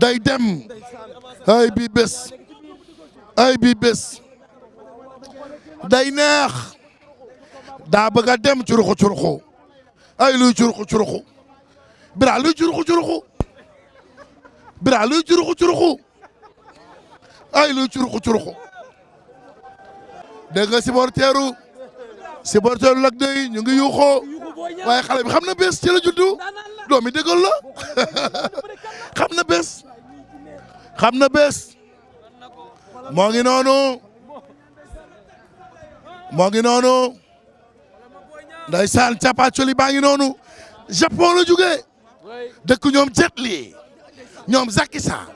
day dem ay bi bés ay bi bés day neex daa bëgg dem curuxu curuxu ay luy curuxu curuxu bira luy curuxu curuxu ay luy curuxu curuxu dégg nga supporteru supporteru Lac de ñu ngi yuuxoo waaye xale xam na bés ci la juddu doomi déggal la xam na bés moo ngi noonu moo ngi noonu ndeysaan ngi noonu japon la jugee dëkk ñoom Jet ñoom Zaki San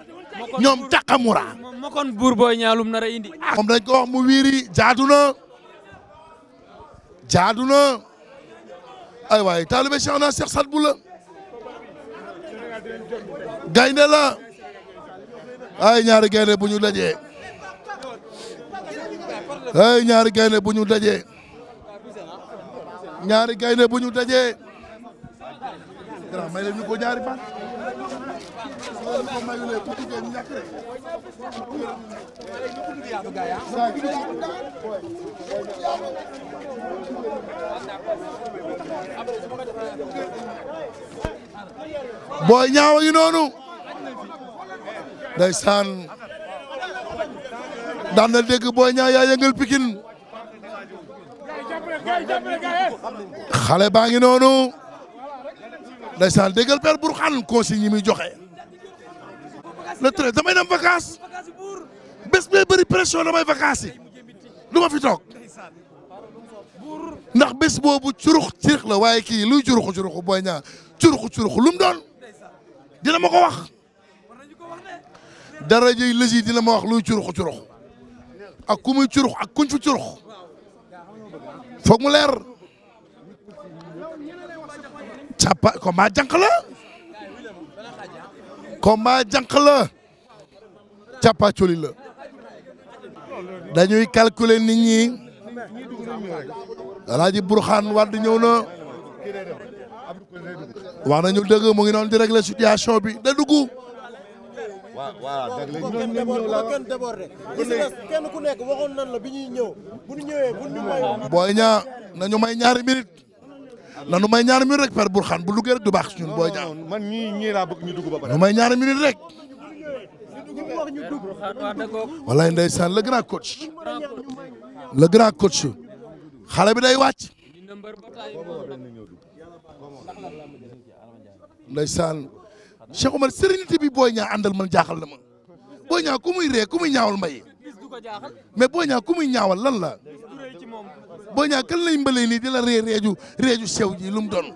ñoom Takamura ma buur booy ñaalum nar a indi ah, moom dañ ko wax mu wiiri jaadu na jaadu na ay waay taalibe Cheikh na Cheikh Sadbou ay ñaari gaynde bu ñu daje ay ñaari gaynde bu ñu daje ñaari gaynde bu ñu daje ko ñaari booy ñaawa yi noonu ndeysaan daan na dégg Boy Niang yaa yëngal Pikine xale baa ngi noonu ndeysaan déggal père Bourkhane consigne yi muy joxe le treize damay dem vacances bés bee bëri pression damay vacances yi ma fi toog ndax bés boobu curux cirix la waaye kii luy curuxu curuxu Boy Niang curuxu doon dina ma ko wax dara jëy lësi dina ma wax luy curux curux ak ku muy curux ak kuñ fi curux foog mu leer càppa combat jànq la combat jànq la càppa coli la dañuy calculer nit ñi alaaji burxaan wadd ñëw na wax nañu dëgg mu ngi noonu di régler situation bi da dugg waaw dëgg la ñoom ñoom la kenn ku nekk waxoon nan la bi ñuy ñëw bu ñu ñëwee bu ñu may. booy ñaa nañu may ñaari minute. nanu may ñaari minute rek per Bourkhane bu duggee rek du baax ñun booy ñaar man ñii ñii laa bëgg ñu dugg ba pare. ñaari minute rek. walaay ndeysaan le grand coach. le grand coach. xale bi day wàcc. ndeysaan Cheikh Omar sérénité bi Boy Niang àndal man jaaxal na ma Boy Niang ku muy ree ku muy ñaawal may mais Boy Niang ku muy ñaawal lan la Boy Niang kan lay mbalee nii di la ree reeju reeju sew ji lu mu doon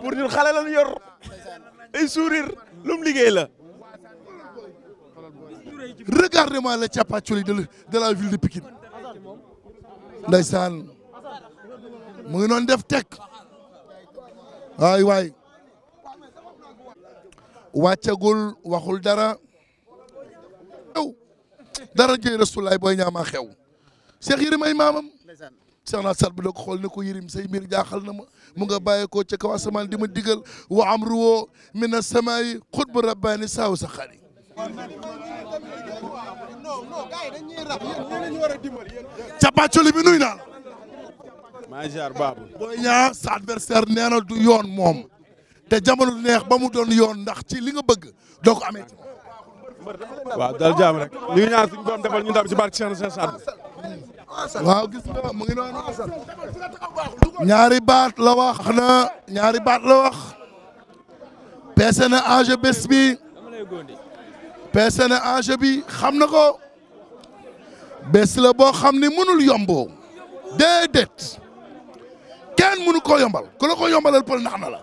pour ñun xale yor ay sourire lu liggéey la regardez-moi le capacoli de de la ville de Pikine ndeysaan mu ngi noon def teg waay waay wàccagul waxul dara xew dara jëy rasulaay booy ñaamaa xew Cheikh Yérim ay maamam Cheikh naa sat bu da ko xool ne ko Yérim say mbir jaaxal na ma mu nga bàyyi ko ca kaw asamaan di ma digal wa amru woo min as-samaa'i xutbu rabbaani saaw sa xari ca bàccoli bi nuy naa la sa adversaire nee du yoon moom te jamono neex ba mu doon yoon ndax ci li nga bëgg doo ko amee ci waaw dal jaam rek ñu ngi ñaan suñu borom defal ñu nga ngi noonu ñaari baat la wax na ñaari baat la wax peese na enjeu bés bi peese bi xam na ko bés boo xam ni mënul yombo déedéet kenn mënu koo yombal ku ko yombalal pël nax na la